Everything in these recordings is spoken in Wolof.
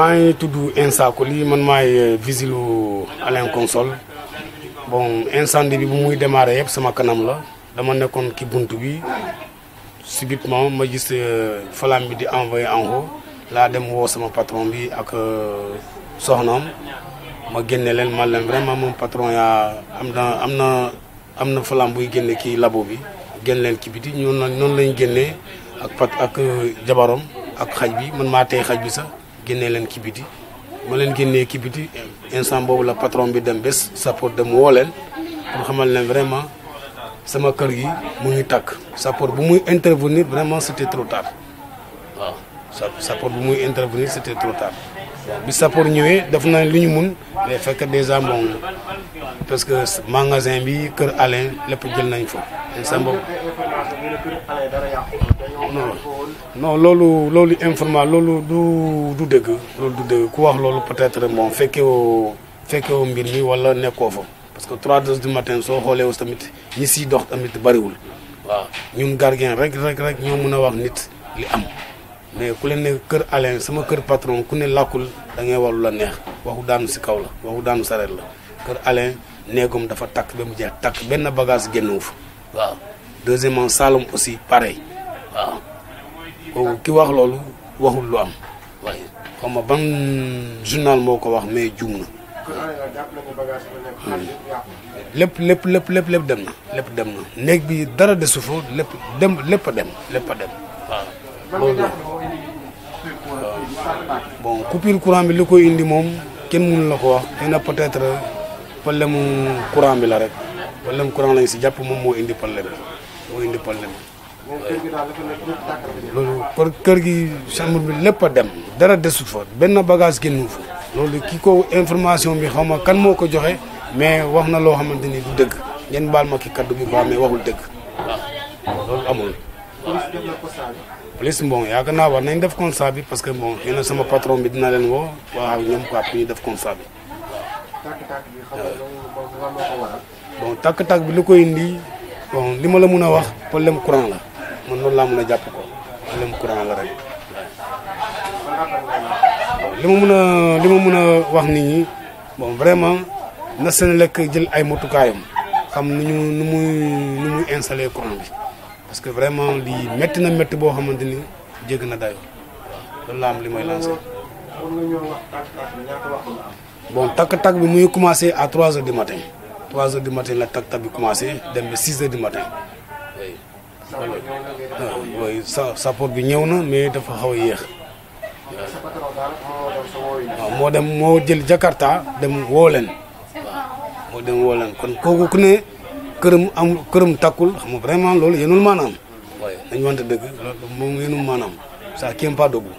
maa ngi tudd Insa Coly man maay euh, visilu Alain Console bon incendie bi bu muy démarré yëpp sama kanam la dama nekkoon ki bunt bi subitement ma gis euh, flamme bi di envoyé en haut laa dem woo sama patron bi ak euh, soxnaam ma génne leen ma leen vraiment moom patron yaa am na am na am na flamme buy génne kii labo bi génn leen ci biti ñoon noonu lañ génnee ak pat ak jabarom ak xaj bi man maa tey xaj bi sax génnee leen ki biti ma leen génnee ki biti instant boobu la patron bi dem bés sapeur dem woo leen pour xamal ne vraiment sama kër gi mu ngi takk sapeur bu muy intervenir vraiment c'était trop tard waaw sapeur bu muy intervenir c'était trop tard bi sapeur ñëwee def na lu ñu mun day fekk déjà moom parce que magasin bi kër Alain lépp jël nañ fa instant boobu non non loolu loolu informa loolu du du dëgg loolu du dëgg ku wax loolu peut fekkee woo fekkewoo woo mbir mi wala nekkoo fa parce que trois heures du matin soo xoolee aussi tamit ñi si dox tamit bariwul waaw ñun gardien rek rek rek ñoo mën a wax nit li am mais ku leen ne kër Alain sama kër patron ku ne làkkul da ngay wax la neex waxu daanu si kaw la waxu daanu sareet la kër Alain néegam dafa takk ba mu jeex takk benn bagage génn wu fa waaw deuxièmement Saloum aussi pareil waaw kooku oh, ki wax loolu waxul lu am waaye xam nga ban journal moo ko wax mais juum na hmm. lépp lépp lépp lépp dem na lépp dem na néeg bi dara desu fa lépp dem lépp dem lépp dem waaw loolu bon coupure courant bi lu koy indi moom kenn munu la ko wax xëy na peut-être problème courant bi la rek problème courant lañ si jàpp moom moo indi problème moo indi problème loolu kon kër gi chambre bi lépp a dem dara desut fa benn bagage génnu fa loolu ki ko information bi xaw ma kan moo ko joxe mais wax na loo xamante ni du dëgg ngeen baal ma ki kaddu bi quoi amul. police bon yaakaar naa war nañ def constat bi parce que bon xëy na bi dina leen woo waaw def constat bi. bon tàkk-tàkk bi lu ko indi li ma la mun a wax problème courant la. man noonu laa mën a jàpp ko problème courant la rek mën a li ma mën a wax nit ñi bon vraiment na seen lekk jël ay motukaayam xam nu ñu nu muy nu muy installé courant bi parce que vraiment lii métti na métti boo xamante ni jégg na dayoo loolu la am li may lancé. bon takk-takk bi muy commencé à 3 heures du matin 3 heures du matin la takk-takk bi commencé dem ba 6 heures du matin. mooy sa support bi ñëw na mais dafa xaw a yéex ah, moo dem moo jël Jakarta dem woo leen waaw ah, moo dem woo kon kooku ku ne këram këram takkul xam nga vraiment loolu yenul maanaam waaye nañ wante dëgg loolu moom yenul maanaam ça tient pas debout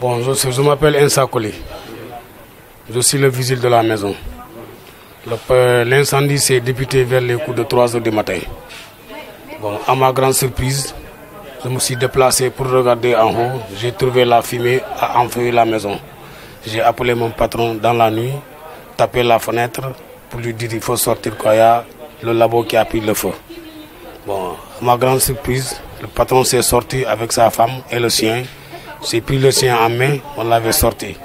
bon je, je m'appelle Insa Koli je suis le vigile de la maison euh, L'incendie s'est débuté vers les coups de trois heures du matin. Bon, à ma grande surprise, je me déplacé pour regarder en haut. J'ai trouvé la fumée à enfuir la maison. J'ai appelé mon patron dans la nuit, tapé la fenêtre pour lui dire qu'il sortir qu'il le labo qui a pris le feu. Bon, à ma surprise, le patron s'est sorti avec sa femme et le sien. J'ai pris le sien en main, on l'avait sorti.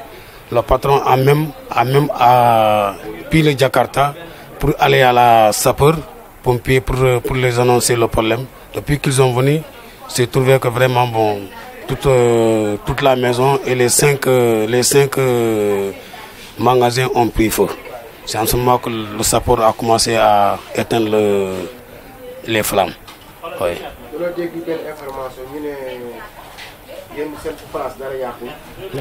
Le patron en même, en même a pris le Jakarta pour aller à la sapeur pompiers pour, euh, pour les annoncer le problème. Depuis qu'ils sont venus, j'ai trouvé que vraiment bon, toute, euh, toute la maison et les cinq, euh, les cinq euh, magasins ont pris feu. C'est en ce que le sapeur a commencé à éteindre le, les flammes. Oui.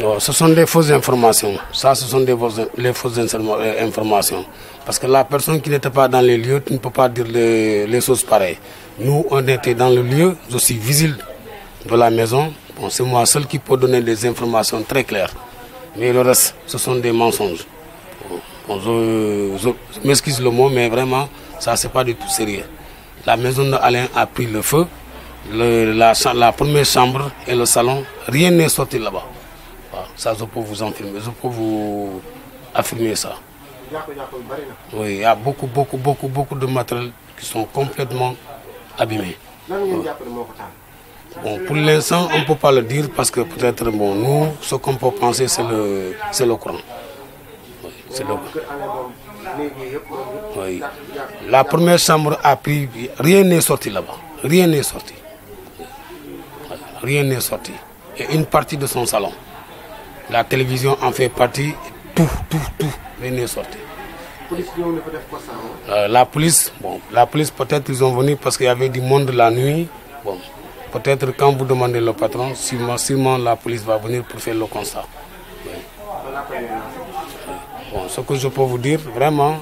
Non, ce sont des fausses informations. Ça, ce sont des fausses, les fausses euh, informations. Parce que la personne qui n'était pas dans les lieux, tu ne peux pas dire les, les, choses Nous, on était dans le lieu, je suis visible de la maison. Bon, c'est moi seul qui peux donner des informations très claires. Mais le reste, ce sont des mensonges. Bon, le mot, mais vraiment, ça, c'est pas du tout sérieux. La maison de Alain a le feu. la la première chambre et le salon rien n'est sorti là-bas waaw ça je vous infirmer je peux vous affirmer ça. oui il y a beaucoup de matériels qui sont complètement abîmés. bon pour l'instant on peut pas dire parce que peut-être bon nous ce qu'on peut penser c'est le c'est la première chambre a pris rien n'est sorti là-bas rien sorti. rien n'est sorti. Et une partie de son salon. La télévision en fait partie, tout, tout, tout, rien n'est sorti. Euh, la police, bon, la police peut-être ils sont venus parce qu'il y avait du monde la nuit. Bon, peut-être quand vous demandez le patron, sûrement, la police va venir pour faire le constat. ce que je peux vous dire, vraiment,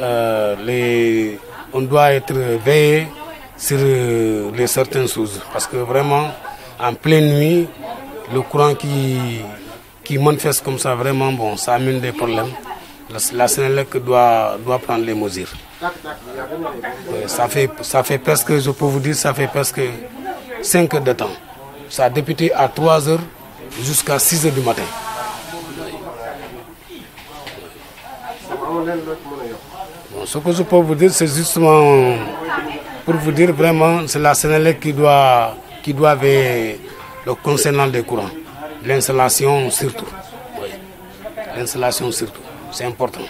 euh, les, on doit être veillé sur euh, les certaines choses parce que vraiment en pleine nuit, le courant qui, qui manifeste comme ça, vraiment, bon, ça amène des problèmes. La, la Sénélec doit, doit prendre les mesures. Euh, ça, presque, je peux vous dire, ça fait presque 5 de temps. Ça a à trois heures jusqu'à 6 heures du matin. ce que je peux vous dire, c'est justement pour vous dire vraiment, c'est la Sénélec qui doit qui doivent être le concernant les courants. L'installation surtout. Oui. L'installation surtout. C'est important.